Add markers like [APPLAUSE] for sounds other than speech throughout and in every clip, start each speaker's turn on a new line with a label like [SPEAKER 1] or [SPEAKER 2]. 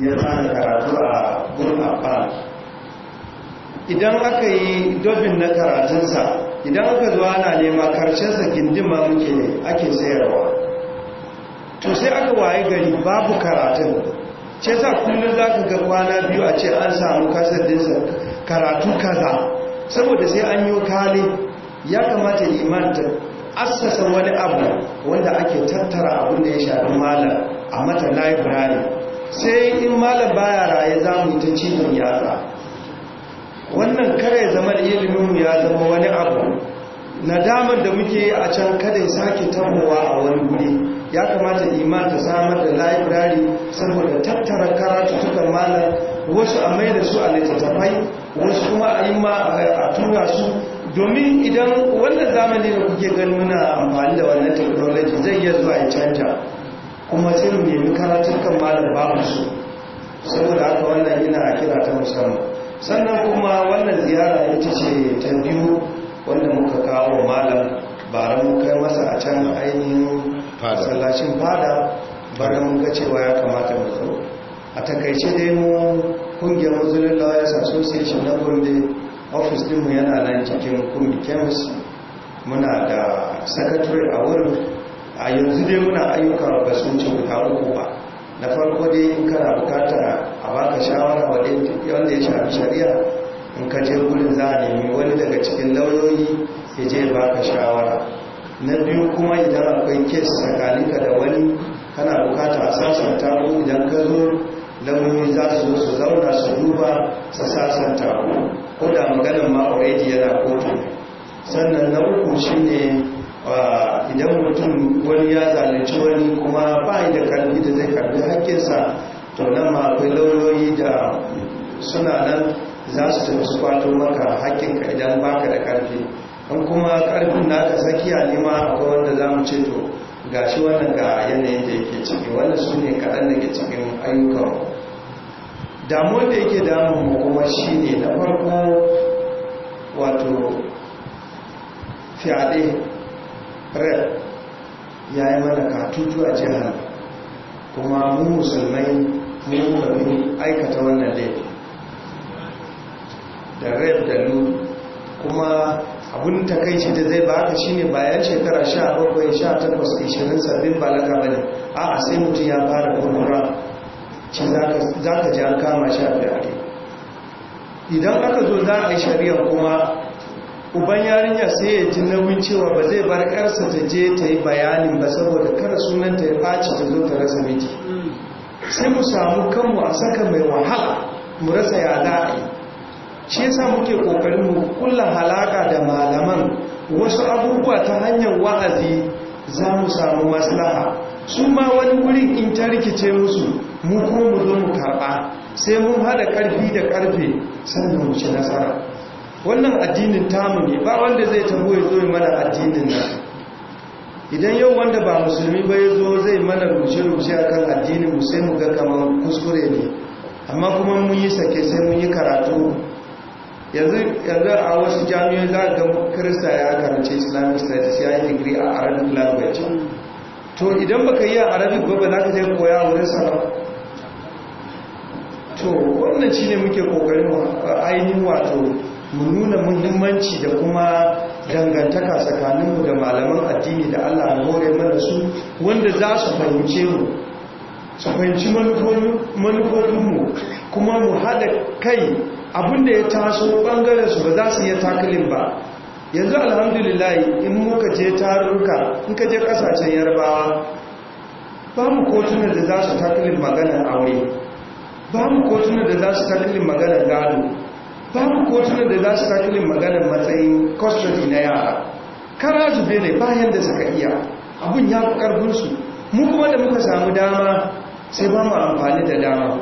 [SPEAKER 1] ya tsara karatu a gurin afan idan aka yi dobin na karatunsa idan aka zuwa na nema karshensa gindima muke ake sayarwa to sai aka waye gari babu karatun ce sa kullum za ka ga kwana biyu a ce an samu kasar karatu kaza saboda sai an yi kali ya kamata limanta assasa wani abu wanda ake tattara abin da ya shafi mala a mata library sai in malam baya raye za mu ta cikin yatsa wannan kare zama iliminmu ya zama wani abu nadamar da muke a can kada ya sake tabowa a wani guri ya kamata iman ta samar da library saboda tattara karatutukan malam wasu a mai da su a littattafai wasu kuma a yi ma a tura su domin idan wannan zamani da kuke ganuna muna amfani da wannan technology zai iya zuwa ya canja kuma sai mu nemi karatun kan malar babu su saboda haka wannan yana kira ta musamman sannan kuma wannan ziyara ita ce ta biyu wanda muka kawo malam bara mun kai masa a can ainihin masallacin fada bara mun ga cewa ya kamata mu zo a takaice dai mu kungiyar muslim lawyers association na gombe ofis dinmu yana nan cikin kumbi chemist muna da secretary a wurin a yanzu dai muna ayyuka ba sun ce uku ba na farko dai in kana bukata a baka shawara wanda ya shafi shari'a in ka je gurin za a nemi wani daga cikin lauyoyi ya je baka shawara na biyu kuma idan akwai kes tsakaninka da wani kana bukata a sasanta ko idan ka zo lauyoyi za su zo su zauna su duba su sasanta ko da maganin ma'aurai yana kotu sannan na uku shine idan mutum wani ya zalunci wani kuma ba da karfi da zai karbi haƙƙinsa, to nan ma akwai lauyoyi da suna nan za su tafi su kwato maka hakkinka idan baka da karfi in kuma karfin aka tsakiya ne ma akwai wanda za mu ce to ga shi wannan ga yanayin da yake ciki wanda su ne kaɗan da ke cikin ayyukan damuwar da yake damun mu kuma shi ne na farko wato fyaɗe red ya yi mana katutu a jihar kuma mu musulmai mun bari aikata wannan laifin da red da lu kuma abun takaici da zai ba shi shine bayan shekara 17 18 20 sabbin balaka bane a'a sai mutum ya fara kurura ci za ka ji an kama shi a idan aka zo za a yi shari'a kuma uban yarinya sai ya ji nauyin cewa ba zai bar karsa ta je ta yi bayanin ba saboda kar sunanta ya ɓaci ta zo ta rasa miji sai mu samu kanmu a saka mai wahala mu rasa ya da'a shi yasa muke kokarin mu kulla halaka da malaman wasu abubuwa ta hanyar wa'azi za mu samu maslaha su ma wani wurin in ta rikice musu mu ko mu zo mu karɓa sai mun haɗa ƙarfi da ƙarfe sannan mu ci nasara wannan addinin tamu ne ba wanda zai tabo ya zo mana addinin nan idan yau wanda ba musulmi ba ya zo zai mana rushe-rushe a kan addinin mu sai mu ga kamar kuskure ne amma kuma mun yi sake sai mun yi karatu yanzu a wasu jami'ai za ga kirista ya karance islamic studies ya yi digiri a arabic language to idan baka yi a arabic ba ba za ka je koya a wurin sana to wannan shi ne muke kokarin ainihin wato mu nuna muhimmanci da kuma dangantaka tsakaninmu da malaman addini da Allah ya hore mana su wanda za su fahimce mu su fahimci manufofinmu kuma mu haɗa kai abinda ya taso ɓangaren su ba za su iya takalin ba yanzu alhamdulillah in muka je tarurruka in ka je ƙasashen yarbawa babu kotunan da za su takalin maganar aure mu kotunan da za su takalin maganar gado babu kotunan da za su sake yin maganar matsayin custody na yara kara zube ne bayan da suka iya abun ya fi karfinsu mu kuma da muka samu dama sai ba mu amfani da dama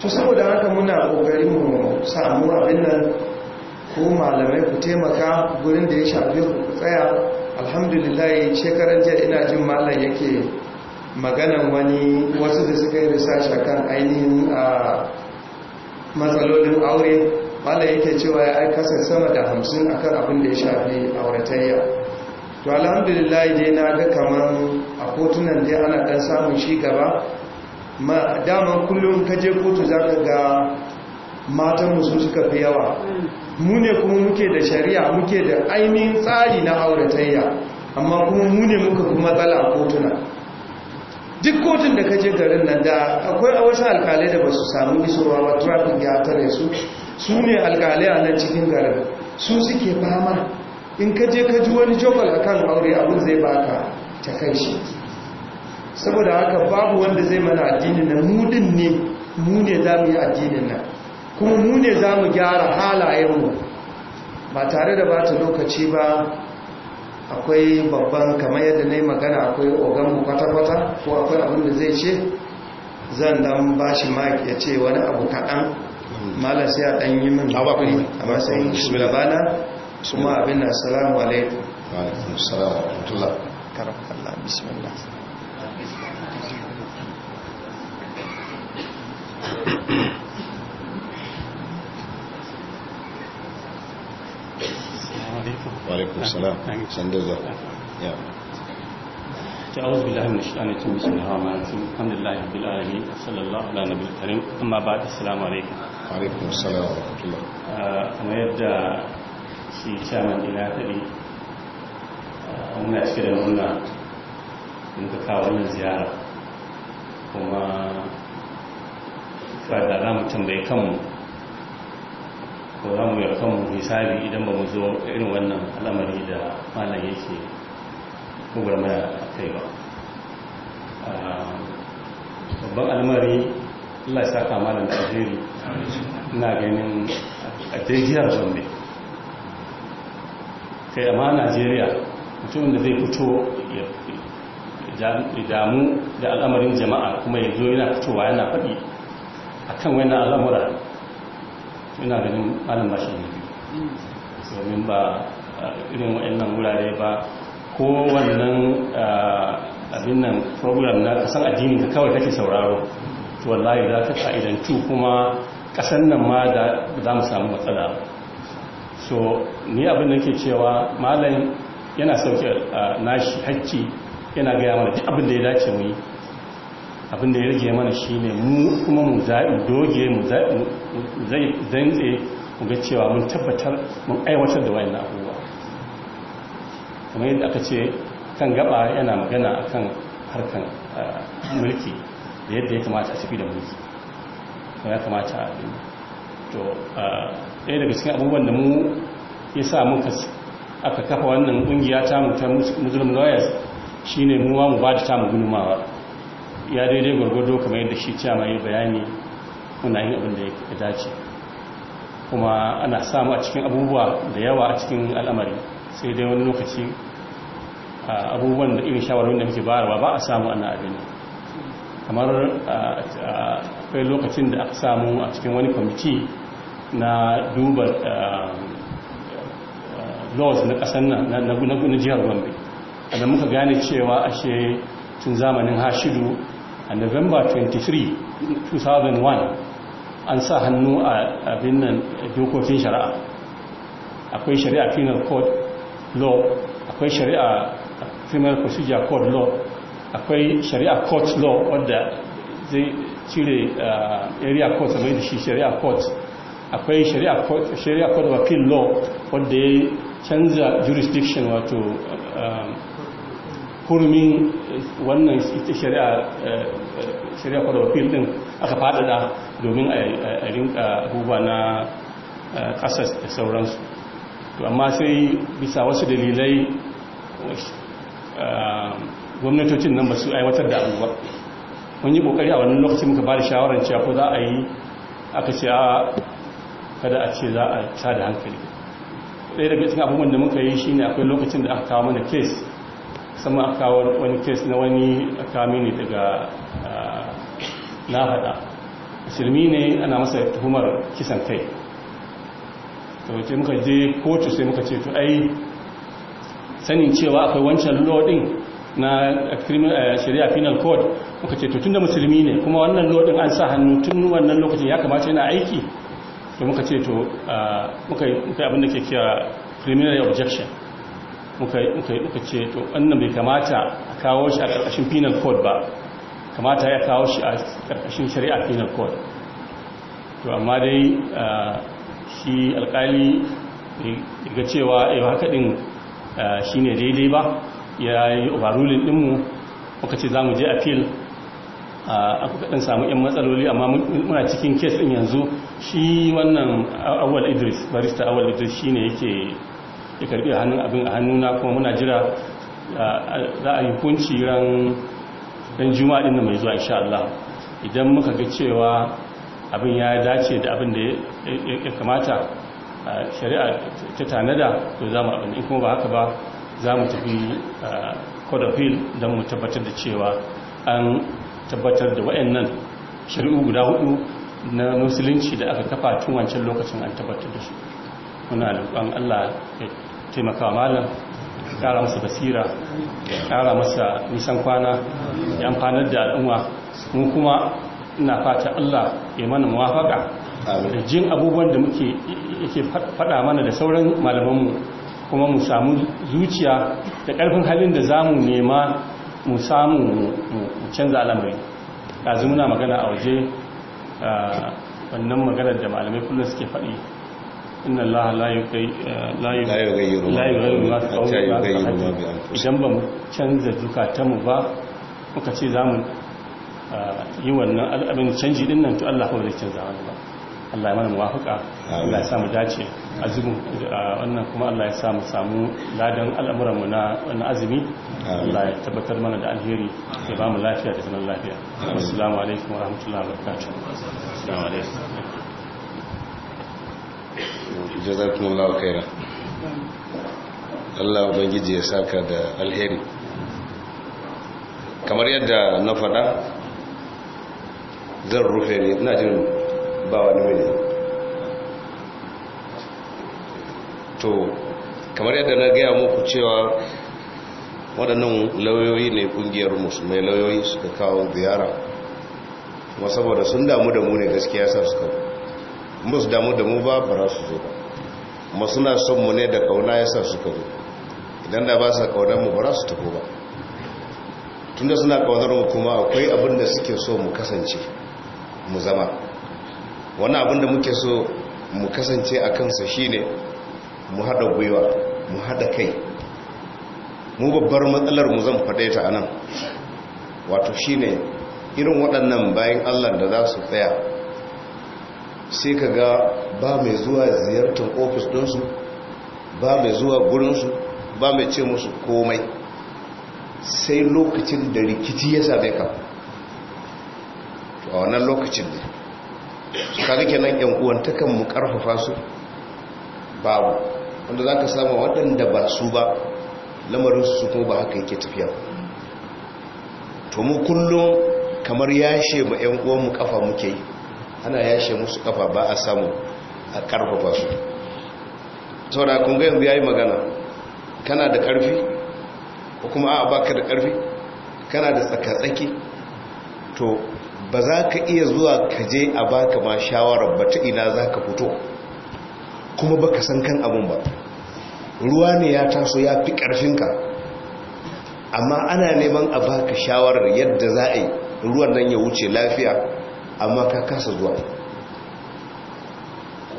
[SPEAKER 1] to saboda haka muna kokari mu samu abin nan ko malamai ku taimaka gurin da ya shafi ku tsaya alhamdulillah shekaran jiya ina jin malam yake maganan wani wasu da suka yi risa shakan ainihin a ah, matsalolin aure wanda yake cewa ya aikasa sama da hamsin akan abin da ya shafi auratayya to alhamdulillah dai na ga kamar a kotunan dai ana ɗan samun shi gaba ma daman kullum ka je kotu za ka ga matan musu suka fi yawa mu ne kuma muke da shari'a muke da ainihin tsari na auratayya amma kuma mu ne muka fi matsala a kotuna duk kotun da kaje garin nan da akwai a wasu alkalai da ba su samu isowa ba trafik ya tare su su ne alkalai a nan cikin garin su suke fama in kaje kaji wani jokal kan aure abin zai baka ta kai shi saboda haka babu wanda zai mana addinin nan mu ne mu ne za mu yi addinin nan kuma mu ne za mu gyara halayenmu ba tare da bata lokaci ba akwai babban kamar yadda na yi magana akwai oganmu kwata-kwata ko akwai abin da zai ce zan dan ba shi maki ya ce wani abu kaɗan malar sai a ɗan yi min haɓaɓi a matsayin shugabana ma abin na salamu alaikum you.
[SPEAKER 2] وعليكم السلام سند الله يا أعوذ بالله من الشيطان الرجيم بسم الله الرحمن الرحيم الحمد لله رب العالمين صلى الله على نبي الكريم أما بعد السلام عليكم وعليكم السلام ورحمة الله كما يبدأ شيء شامل إلى تري muna cike da muna muka kawo wannan ziyara kuma fada za mu tambaye kanmu to za mu yi mu hisabi idan ba mu zo irin wannan al'amari da malam yake gwagwarmaya a kai ba ah, babban al'amari allah ya saka malam da alheri ina ganin a jihar zombe kai amma najeriya mutumin da zai fito ya damu da al'amarin jama'a kuma ya zo yana fitowa yana faɗi akan wannan al'amura suna ganin malam bashi ne domin ba irin waɗannan wurare ba ko wannan abin nan program na kasan addini da kawai kake sauraro to wallahi za ka tu kuma kasan nan ma da za mu samu matsala so ni abin da ke cewa malam yana sauke nashi hacci yana gaya mana duk abin da ya dace mu Abinda ya rage mana shine mu kuma mu zaɓi doge mu zai zanze mu ga cewa mun tabbatar mun aiwatar da wayan abubuwa kamar yadda aka ce kan gaba yana magana a kan harkar ah, mulki da yadda ya kamata a tafi da mulki ya kamata a abin to ah, ɗaya daga cikin abubuwan da mu ya sa muka aka kafa wannan ƙungiya ta mu ta muslim lawyers shine mu mu ba da tamu gudumawa ya daidai gwargwado kamar yadda shi cewa mai bayani wanda yin abin da ya dace kuma ana samu a cikin abubuwa da yawa a cikin al'amari sai dai wani lokaci abubuwan da irin shawarar da muke bayarwa ba a samu ana abin kamar akwai lokacin da aka samu a cikin wani kwamiti na duba laws na nan na jihar gombe da muka gane cewa ashe tun zamanin hashidu a november 23 2001 an sa hannu a abin nan dokokin shari'a akwai shari'a penal code law akwai shari'a criminal procedure code law akwai shari'a court law wadda zai cire eh, area court mai da shi shari'a court akwai shari'a court of appeal law wadda ya canza jurisdiction wato eh, hurumin eh, wannan shari'a kwadawafil eh, eh, din aka fadada domin a rinka abubuwa na kasas da sauransu amma sai bisa wasu dalilai gwamnatocin nan ba su aiwatar da abubuwa mun yi kokari a wannan lokacin muka ba da shawarar cewa ko za a yi aka ce a kada a ce za a sa da hankali ɗaya daga cikin abubuwan da muka yi shine akwai lokacin da aka kawo mana kes sama aka wani kes na wani kamini daga na faɗa musulmi ne ana masa tuhumar kisan kai to wace muka je kotu sai muka ce to ai sanin cewa akwai wancan law na eh, shari'a final code muka ce to tunda musulmi ne kuma wannan law an sa hannu tun wannan lokacin ya kamata yana aiki to muka ce to muka yi abin ke kira criminal objection muka ce to annan bai kamata a kawo shi a ƙarƙashin penal code ba kamata ya kawo shi a ƙarƙashin shari'a penal code to amma dai shi alƙali ga cewa ai eh, haka din shine daidai ba ya yi overruling dinmu muka ce za mu je appeal a kukaɗin samu 'yan matsaloli amma muna cikin case ɗin yanzu shi wannan awal idris barista awal idris shine yake ya karbi hannun abin a hannuna kuma muna jira za a yi kunci ran ran juma'a din mai zuwa insha Allah idan muka ga cewa abin ya dace da abin da ya kamata shari'a ta tanada to za mu abin in kuma ba haka ba za mu tafi kodafil don mu tabbatar da cewa an tabbatar da waɗannan shari'u guda hudu na musulunci da aka kafa tun wancan lokacin an tabbatar da su muna da Allah taimaka malam kara masa basira kara masa nisan kwana ya amfanar da al'umma mun kuma ina fata Allah ya mana muwafaka da jin abubuwan da muke yake faɗa mana da sauran malamanmu kuma mu samu zuciya da ƙarfin halin da zamu nema mu samu mu canza al'amari ɗazu muna magana a waje wannan maganar da malamai kullum suke faɗi inna allaha la yughayyiru ma bi idan ba mu canza mu ba muka ce za mu yi wannan al'abin canji din nan to Allah kawai zai canza wani ba Allah ya mana muwafaka Allah ya samu dace azumin wannan kuma Allah ya samu samu ladan al'amuran mu na wannan azumi Allah ya tabbatar mana da alheri ya ba mu lafiya da zaman lafiya assalamu alaikum wa rahmatullahi wa barakatuh assalamu alaikum
[SPEAKER 3] jazakumullahu khairan Allah ubangiji ya saka da alheri kamar yadda na faɗa zan rufe ne ina jin ba wani mai to kamar yadda na gaya muku cewa waɗannan lauyoyi ne ƙungiyar musulmai lauyoyi suka kawo ziyara kuma saboda sun damu da mu ne gaskiya sa suka musu damu da mu ba ba su zo ba amma suna son mu ne da kauna ya sa suka zo idan da ba sa kaunar mu ba su tafi ba tunda suna kaunar mu kuma akwai abin da suke so mu kasance mu zama wani abin da muke so mu kasance a kansa shine mu haɗa gwiwa mu haɗa kai mu babbar matsalar mu zan faɗe ta anan wato shine irin waɗannan bayan Allah da za su tsaya sai ka ga ba mai zuwa ziyartar ofis ɗinsu ba mai zuwa gurinsu ba mai ce musu komai sai lokacin da rikici ya same ka a wannan lokacin ne rike kenan yan uwantakan mu karfafa su babu wanda za ka samu waɗanda ba su ba lamarin su kuma ba haka yake tafiya to mu kullum kamar yashe ba yan uwan mu kafa muke yi ana yashe musu kafa ba a samu a karfafa su saboda kun ga yanzu yayi magana kana da karfi ko kuma a baka da karfi kana da tsakatsaki to ba za ka iya zuwa ka je a baka ma shawarar ba ta ina za ka fito kuma ba ka san kan abin ba ruwa ne ya taso ya fi ƙarfinka amma ana neman a baka shawarar yadda za a yi ruwan nan ya wuce lafiya amma ka kasa zuwa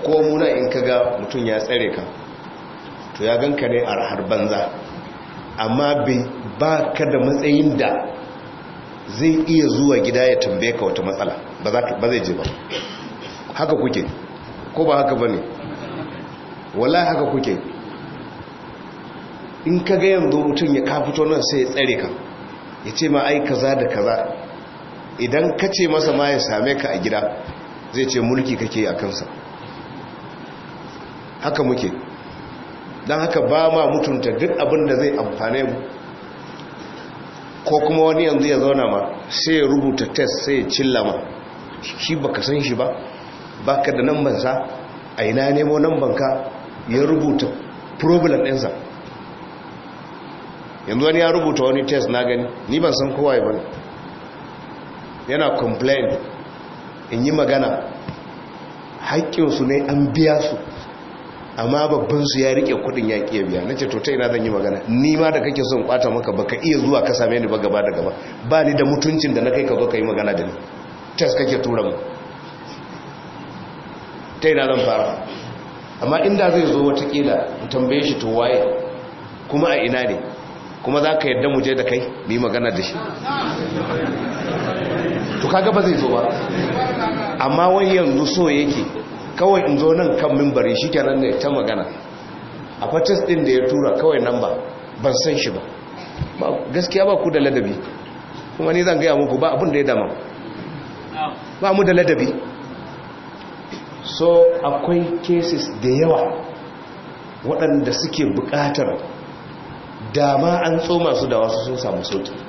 [SPEAKER 3] ko muna in ka ga mutum ya tsare ka to ya ganka ne a rahar banza amma ba ka da matsayin da zai iya zuwa gida ya tambaye ka wata matsala ba zai je ba haka kuke ko ba haka ba ne wala haka kuke in ka ga yanzu mutum ya kafito nan sai ya tsare ka ya ce ma ai kaza da kaza idan ka ce masa ma ya same ka a gida zai ce mulki kake a kansa haka muke don haka ba ma mutunta duk abin da zai amfane mu ko kuma wani yanzu ya zauna ma sai ya rubuta test sai ya cilla ma shi ba ka san shi ba ba ka da nan bansa a ina nemo nan banka ya rubuta problem ɗinsa yanzu wani ya rubuta wani test na gani ni ban san kowa ya bane yana complain in yi magana haƙƙinsu ne an biya su amma babbansu ya riƙe kudin ya ƙiya biya na ce to ta na zan yi magana ni ma da kake son kwata maka baka iya zuwa ka same ni ba gaba da gaba ba ni da mutuncin da na kai ka zo ka yi magana da ni tes kake tura mu ta na zan fara amma inda zai zo watakila tambaye shi to waye kuma a ina ne kuma za ka yadda mu je da kai mu yi magana da shi kaga ba zai zo ba amma wai yanzu so yake kawai in zo nan kan mimbari shi kenan ne ta magana a fatis din da ya tura kawai nan ba ban san shi ba gaskiya ba ku da ladabi kuma ni zan gaya muku ba abin da ya dama ba mu da ladabi so akwai cases da yawa waɗanda suke buƙatar dama an tsoma su da wasu sun samu sauti?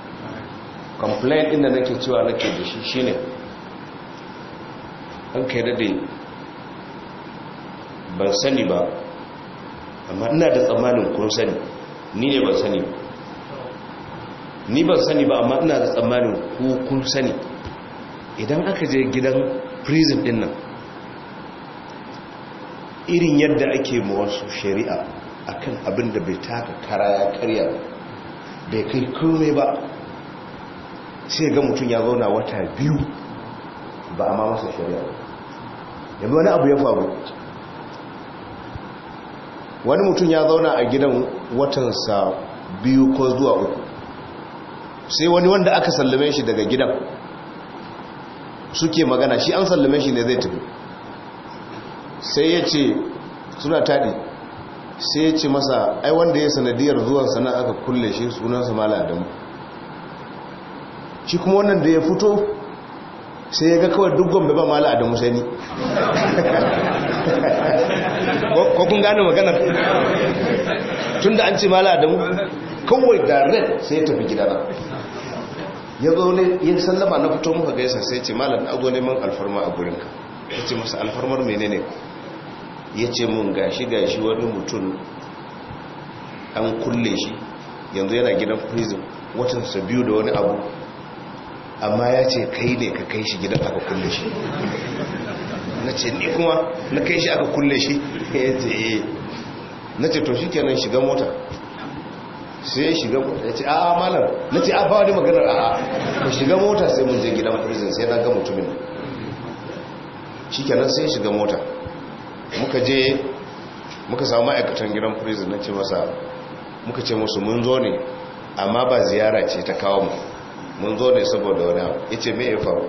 [SPEAKER 3] complain inda da nake cewa nake da shi shine an kai da dai ban sani ba amma ina da tsammanin kun sani ni ne ban sani ni ban sani ba amma ina da tsammanin ku kun sani idan aka je gidan prison din nan irin yadda ake mawarsu shari'a akan abin da bai taka kara ya karya bai kai kome ba sai ga mutum ya zauna wata biyu ba a ma masa shari'a bi wani abu ya faru wani mutum ya zauna a gidan watansa biyu ko zuwa uku sai wani wanda aka sallame shi daga gidan suke magana shi an sallame shi ne zai tafi sai ya ce suna taɗi sai ya ce masa ai wanda ya sanadiyar zuwan sana aka kulle shi sunansa mala adamu shi kuma wannan da ya fito sai ya ga kawai duk gombe ba mala adamu sani ko kun gane maganar tun da an ce mala adamu kawai red sai ya tafi gidana ya zo ne yin sallama na fito muka gaisa sai ce malam na zo neman alfarma a gurinka ya ce masa alfarmar menene ya ce mun gashi gashi wani mutum an kulle shi yanzu yana gidan prison sa biyu da wani abu amma ya ce kai ne ka kai shi gidan aka kulle shi na ce ni kuma na kai shi aka kulle shi ya ce eh na ce to shi kenan shiga mota sai ya shiga mota ya ce a malam na ce a ba wani maganar a ka shiga mota sai mun je gidan prison sai na ga mutumin shi kenan sai ya shiga mota muka je muka samu ma'aikatan gidan prison na ce masa muka ce musu mun zo ne amma ba ziyara ce ta kawo mu mun zo ne saboda wani abu ya ce mai ya faru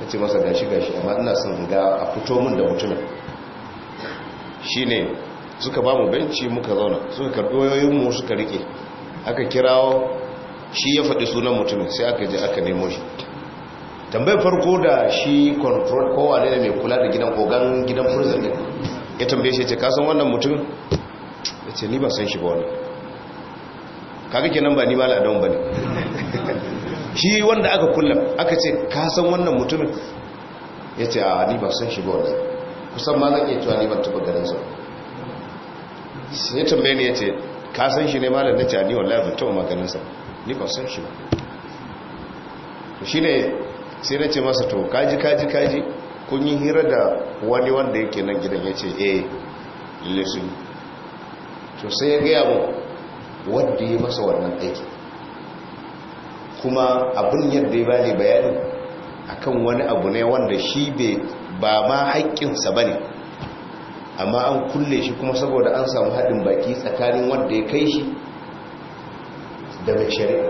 [SPEAKER 3] ya ce masa gashi gashi amma ina son ga a fito min da mutumin shi ne suka ba mu benci muka zauna suka karɓi mu suka rike aka kirawo shi ya faɗi sunan mutumin sai aka je aka nemo shi tambayar farko da shi control kowa ne mai kula da gidan kogan gidan prison ne ya tambaye shi ce kasan wannan mutumin ya ce ni ba san shi ba wani kaga kenan ba ni mala adam bane shi wanda aka kulla aka ce ka san wannan mutumin yace a ni ba san shi ba wannan kusan ma zan iya cewa ni ban taba ganin sa sai tambaye ni yace ka san shi ne malam nace a ni wallahi ban taba maganin sa ni ba san shi ba to shine sai nace masa to kaji kaji kaji kun yi hira da wani wanda yake nan gidan yace eh lalle to sai ya ga yabo wadda ya masa wannan aiki kuma abin yadda ya bani bayani akan wani abu ne wanda shi ba ma haƙƙinsa ba ne amma an kulle shi kuma saboda an samu haɗin baki tsakanin wanda ya kai shi da mai shari'a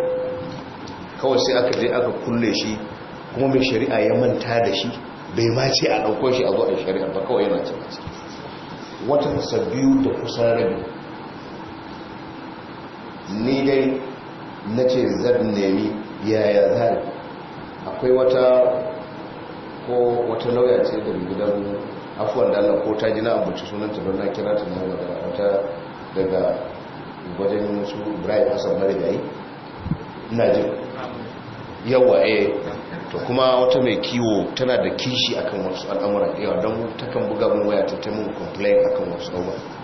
[SPEAKER 3] kawai sai aka je aka kulle shi kuma mai shari'a ya manta da shi bai ma ce a ɗauko shi a zuwa shari'a ba kawai yana ce wata kusa biyu da kusan rabi ni dai na ce zan nemi yaya zari akwai wata ko wata lauya ce da gidan afuwan da ko ta jina na sunanta sunan ta na kira ta na wata daga wajen su ibrahim hassan marigayi ina ji yawa eh to kuma wata mai kiwo tana da kishi akan wasu al'amuran yawa don takan buga mun waya ta taimun complain akan wasu abubuwa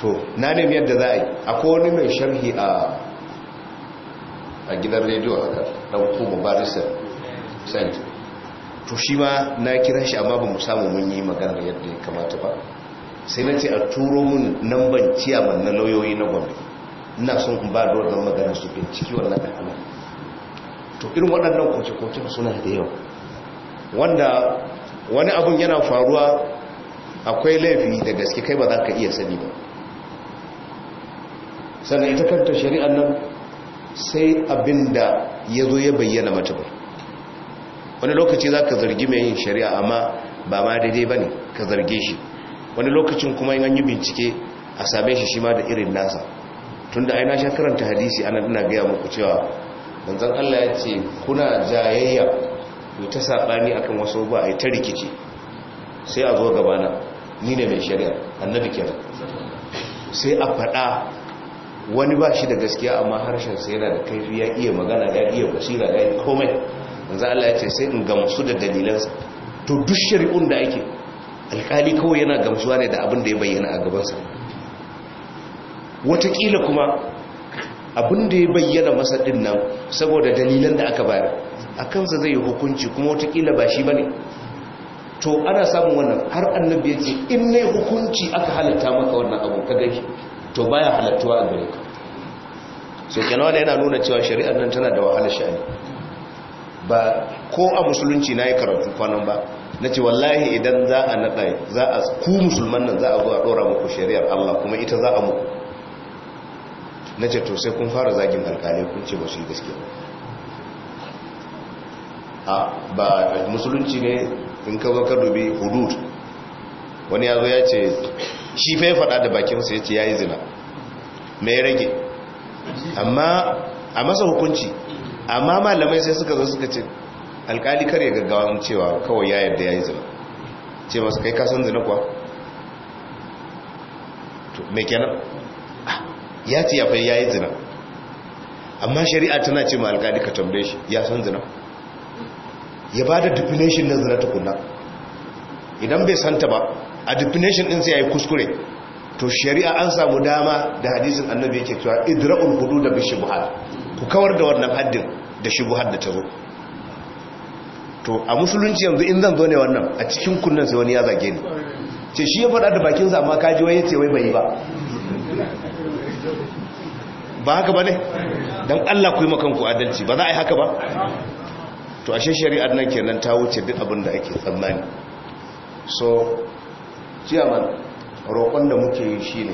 [SPEAKER 3] to na nemi yadda za a yi akwai wani mai sharhi a a gidan rediyo a ɗan kuma barista sent to shi ma na kira shi amma ba mu samu mun yi magana yadda ya kamata ba sai na ce a turo mun nan namban ciyaman na lauyoyi na gwamnati ina son ba da wannan magana su ciki wannan al'amari to irin waɗannan kwace-kwacen suna da yawa wanda wani abun yana faruwa akwai laifi da gaske kai ba za ka iya sani ba sannan ita kanta shari'ar nan sai abin da ya zo ya bayyana mata ba wani lokaci za ka zargi mai yin shari'a amma ba ma daidai ba ne ka zarge shi wani lokacin kuma yin hanyar bincike a same shi shi ma da irin nasa tun da aina sha karanta hadisi ana dina gaya muku cewa banzan allah ya ce kuna jayayya mai ta saɓani a kan wasu ba a yi ta rikici sai a zo gabana ni ne mai shari'a annabi kenan sai a faɗa wani ba shi da gaskiya amma harshen sai yana da kaifi ya iya magana ya iya basira ya yi komai manzo Allah ya ce sai in gamsu da dalilansa to duk shari'un da ake alkali kawai yana gamsuwa ne da abin da ya bayyana a gabansa watakila kuma abin da ya bayyana masa din nan saboda dalilan da aka bayar a kansa zai yi hukunci kuma watakila ba shi ba ne to ana samun wannan har annabi ya ce in ne hukunci aka halatta maka wannan abu ka gani to baya halattuwa a gare ka so kenan da yana nuna cewa shari'ar nan tana da wahalar sha'ani ba ko a musulunci na yi karatu kwanan ba na ce wallahi idan za a naɗa za a ku musulman nan za a zuwa ɗora muku shari'ar Allah kuma ita za a muku na ce to sai kun fara zagin alƙalai kun ce ba su yi gaske ba musulunci ne in ka zo ka dubi hudud wani ya zo ya ce shi fa ya faɗa da bakinsa ya ce ya yi zina mai rage amma a masa hukunci amma malamai sai suka zo suka ce alkali kar ya gaggawa cewa kawai ya yarda ya yi zina ce masu kai kasan zina kuwa mai kenan ah, ya ce ya fai ya yi zina amma shari'a tana ce ma alkali ka tambaye shi ya san zina ya ba da definition na zina tukuna idan bai santa ba a definition din sai yayi kuskure to shari'a an samu dama da hadisin annabi yake cewa idra'ul hudud da shubhat ku kawar da wannan haddin da shubhat da tazo to a musulunci yanzu in zan zo ne wannan a cikin kunnan sai wani ya zage ni ce shi ya faɗa da bakin sa amma kaji wai yace wai bai ba ba haka ba ne Allah ku yi ku adalci ba za a yi haka ba to ashe shari'ar nan kenan ta wuce duk abin da ake tsammani so ciyaman roƙon da muke yi shi ne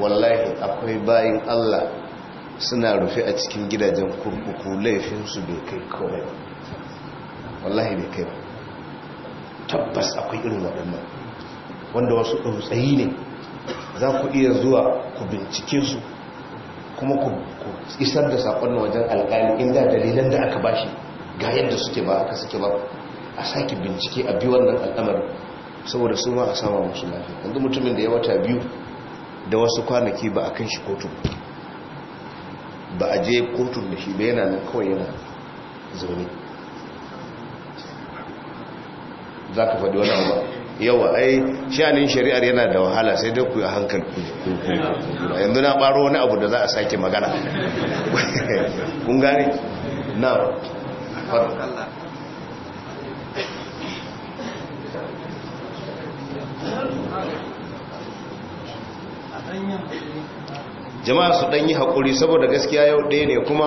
[SPEAKER 3] wallahi akwai bayan allah suna rufe a cikin gidajen kurkuku laifinsu bai kai kawai wallahi bai kai tabbas akwai irin waɗannan wanda wasu tsautsayi ne za ku iya zuwa ku bincike su kuma ku isar da saƙon na wajen alƙali inda dalilan da aka bashi ga yadda suke ba aka suke ba a sake bincike a bi wannan al'amarin saboda su ma a sama musu lafiya yanzu mutumin da ya wata biyu da wasu kwanaki ba a kan shi kotun ba a je kotun da shi ba yana kawai yana zaune za ka faɗi wani abu yawa ai shanin shari'ar yana da wahala sai dai ku yi hankali yanzu na ɓaro wani abu da za a sake magana [LAUGHS] kun gane na faru jama'a su ɗanyi haƙuri saboda gaskiya yau ɗaya ne kuma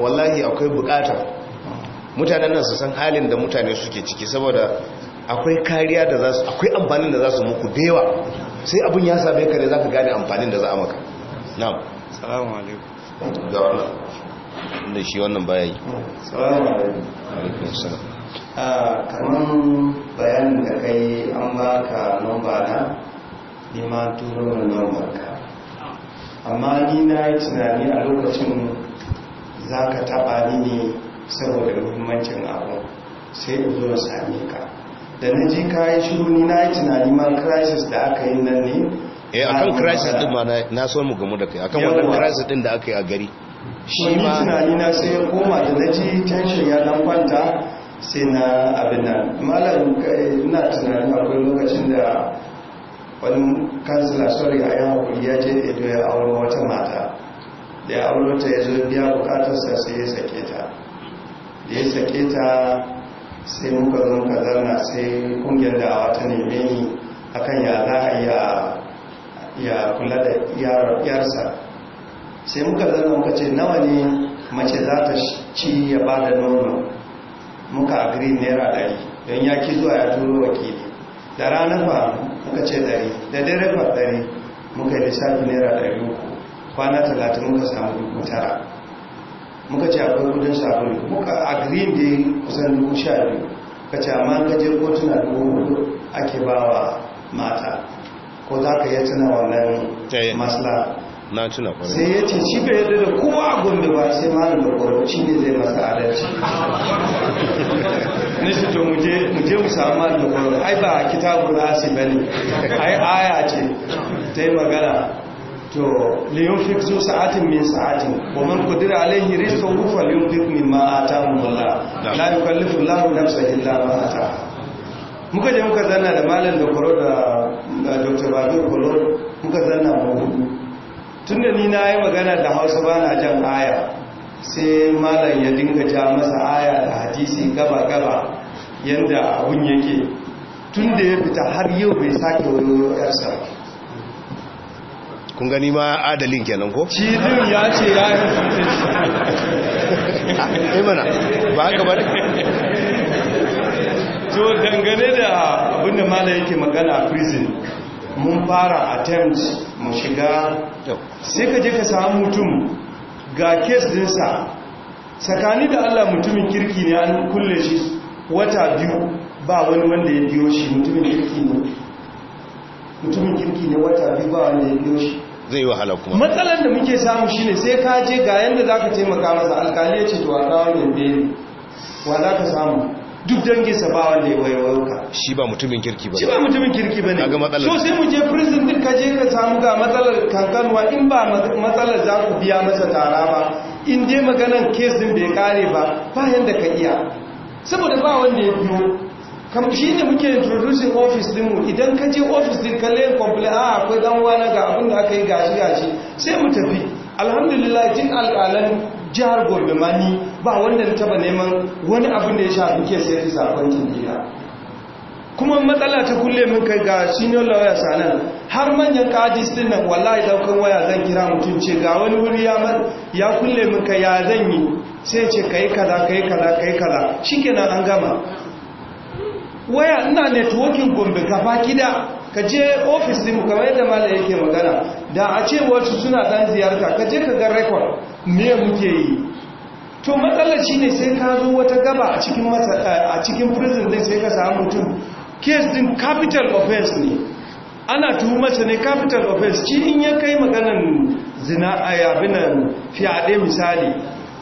[SPEAKER 3] wallahi akwai buƙata mutanen nan su san halin da mutane suke ciki saboda akwai kariya da za su akwai amfanin da za su muku da sai abin ya same ka ne za ka gane amfanin da za a maka na salamu alaikum ga da shi wannan baya yi
[SPEAKER 1] salamu alaikum salam ah, kamar bayanin da kai an baka nomba na neman turo na barka amma ni na yi tunani a lokacin za ka taɓa ni ne saboda muhimmancin abu sai in zo sami ka da na ji ka yi shiru ni na yi tunani ma crisis da aka yi nan ne eh, a kan crisis din
[SPEAKER 3] ma na so mu gamu da kai kan wannan crisis din da aka yi a gari
[SPEAKER 1] shi ma tunani na sai ya koma da na ji tension ya dan kwanta sai na abin nan malam eh, ina tunani akwai lokacin da wani kansila sori a yawon kuri ya je ido ya auro wata mata da ya auro ta ya zo biya bukatarsa sai ya sake ta da ya sake ta sai muka zo ka zarna sai kungiyar da ta neme ni akan ya za a ya kula da yarsa sai muka zarna muka ce nawa ne mace za ta ci ya ba da nono muka agri naira ɗari don ya ki zuwa ya turo wakili da rana fa muka ce dari da dare fa dare muka yi lissafi naira ɗari uku kwana talatin muka samu dubu tara muka ce akwai kudin sabulu muka a green day kusan dubu sha biyu ka ce amma ka je kotuna dubu hudu ake bawa mata ko za ka yi tuna wannan eh. masla
[SPEAKER 3] na tuna kwanu sai ya
[SPEAKER 1] ce shi bai yadda da kowa a gombe ba sai da makwarauci ne zai masa adalci [LAUGHS] Ni su to muje mu samu da makwarauci ai ba kitabun rasi bane ai aya ce ta yi magana to leon fi zo sa'atin min sa'atin wa man qadira alaihi rizqahu falyunfiq mimma ataahu Allah la yukallifu Allahu nafsan illa ma ataaha muka je muka zanna da malam da kwaro da dr babu kwaro muka zanna mu tun da ni na yi magana da hausa ba na jan aya sai malam ya dinga ja masa aya da hadisi gaba-gaba yadda abun yake tun da ya fita har yau bai sake wani yarsa
[SPEAKER 3] kun gani ma adalin kenan ko? shi
[SPEAKER 1] din ya ce ya yi mutunci ah, eh mana ba haka ba to dangane da abinda malar yake magana a prison mun fara attempt shiga sai ka je ka samu mutum ga kes dinsa tsakani da allah mutumin kirki ne an kulle shi wata biyu ba wani wanda ya biyo shi mutumin kirki ne mutumin kirki ne wata biyu ba wanda ya biyo shi
[SPEAKER 3] zai wahala kuma matsalar
[SPEAKER 1] da muke samu shine sai ka je ga yanda za ka taimaka masa alkali ya ce to a kawo ne wa za ka samu duk danginsa ba wanda ya waiwaiwuka
[SPEAKER 3] shi ba mutumin kirki ba shi ba mutumin
[SPEAKER 1] kirki ba ne so sai mu je prison din ka je ka samu ga matsalar kankanwa in ba matsalar za ku biya masa tara ba in dai maganan kes din bai kare ba ba yanda ka iya saboda ba wanda ya biyo kam shi ne muke introducing office dinmu idan ka je office din kalle complain a ah, akwai dan wani ga abin da aka yi gashi gashi sai mu tafi alhamdulillah jin alƙalan jihar gobe ma ba wanda na taba neman wani abin da ya shafi muke sayar da zafon gida kuma matsala ta kulle mun kai ga senior lawyer sanan har manyan kadis din nan wallahi daukan waya zan kira mutum ce ga wani wuri ya ya kulle mun kai ya zan yi sai ce kai kaza kai kaza kai kaza shikenan an gama waya ina networking gombe gaba gida ka je ofis din kamar yadda malam yake magana da a ce wasu suna dan ziyarta ka je ka ga record me muke yi to matsalar shine sai ka zo wata gaba a cikin a cikin prison din sai ka samu mutum case din capital offense ne ana tuhumarsa ne capital offense shi in ya kai maganan zina a yabinan fyaɗe misali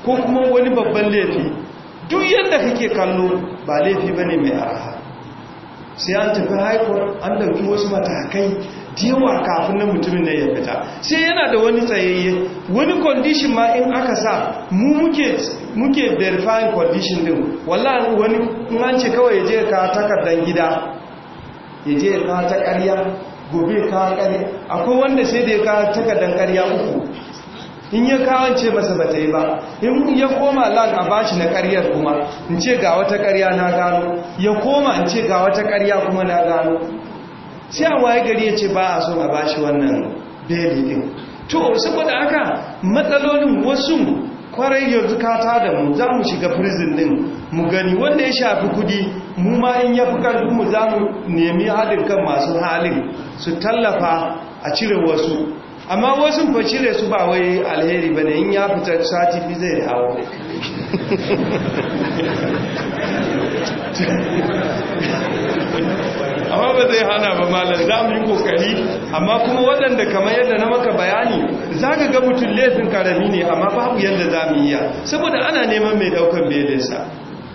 [SPEAKER 1] ko kuma wani babban laifi duk yadda kake kallo ba laifi bane mai araha sai an tafi haikon an ɗauki wasu matakai diwa kafin na mutumin na ya fita sai yana da wani tsayayye wani condition ma in aka sa mu muke muke verifying condition din wallahi wani in an ce kawai je ka takardan gida je ka ta ƙarya gobe ka ƙarya akwai wanda sai da ya ka takardan ƙarya uku in ya kawance masa ba ta yi ba in ya koma lan a bashi na karyar kuma in ce ga wata karya na gano ya koma in ce ga wata karya kuma na gano sai a waye gari ya ce ba a son a bashi wannan beli din to saboda haka matsalolin wasu kwarai yanzu kata da mu za mu shiga prison din mu gani wanda ya shafi kudi mu ma in ya fi karfi mu za mu nemi haɗin kan masu halin su tallafa a cire wasu amma wasu fa cire su ba wai alheri bane in ya fita sati fi zai hawo. amma ba zai hana ba malam za mu yi kokari amma kuma waɗanda kamar yadda na maka bayani za ka ga mutum laifin karami ne amma babu yadda za mu yi ya saboda ana neman mai ɗaukan belinsa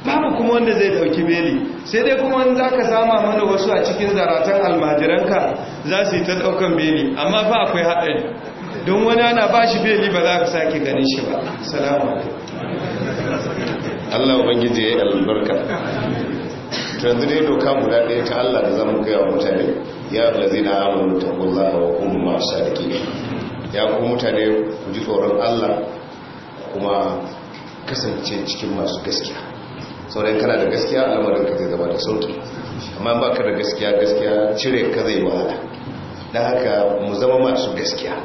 [SPEAKER 1] babu kuma wanda zai dauki beli sai dai kuma wanda ka sama mana wasu a cikin zaratan almajiranka za su yi ta daukan beli amma ba akwai haɗari don wani ana ba shi beli ba za ka sake ganin shi ba salamu
[SPEAKER 3] Allah ubangiji ya yi albarka yanzu dai doka guda ɗaya ta Allah da zama gaya mutane ya lazina ta taqullaha wa kuma masu sarki ya kuma mutane ku ji tsoron Allah kuma kasance cikin masu gaskiya sauran kana da gaskiya al'amarin ka zai zama da sauki amma ba ka da gaskiya gaskiya cire ka zai wahala da haka mu zama masu gaskiya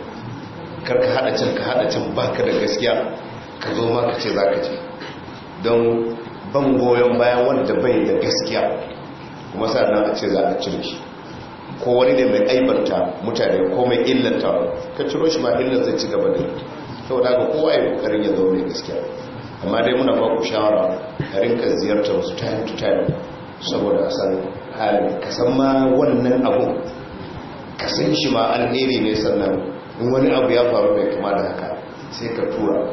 [SPEAKER 3] kar ka hada can ka hada can ba ka da gaskiya ka zo ma ka ce za ka ce don ban goyon bayan wanda bai da gaskiya kuma nan a ce za a cire shi ko wani ne mai aibarta mutane ko mai illanta ka ciro shi ma illan zai ci gaba da saboda ga kowa ya kokarin ya zaune gaskiya amma dai muna baku shawara a rinka ziyartar su time to time saboda a san halin ka san ma wannan abu ka san shi ma alheri ne sannan in wani abu ya faru mai kama da haka sai ka tura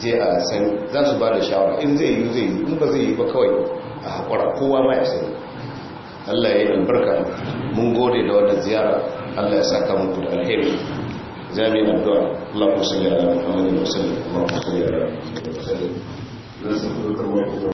[SPEAKER 3] je a sani za su ba da shawara in zai yi zai yi in ba zai yi ba kawai a haƙura kowa ma ya sani Allah ya yi albarka mun gode da wannan ziyara Allah ya saka muku da alheri za na dua Allah kusali ala Muhammad wa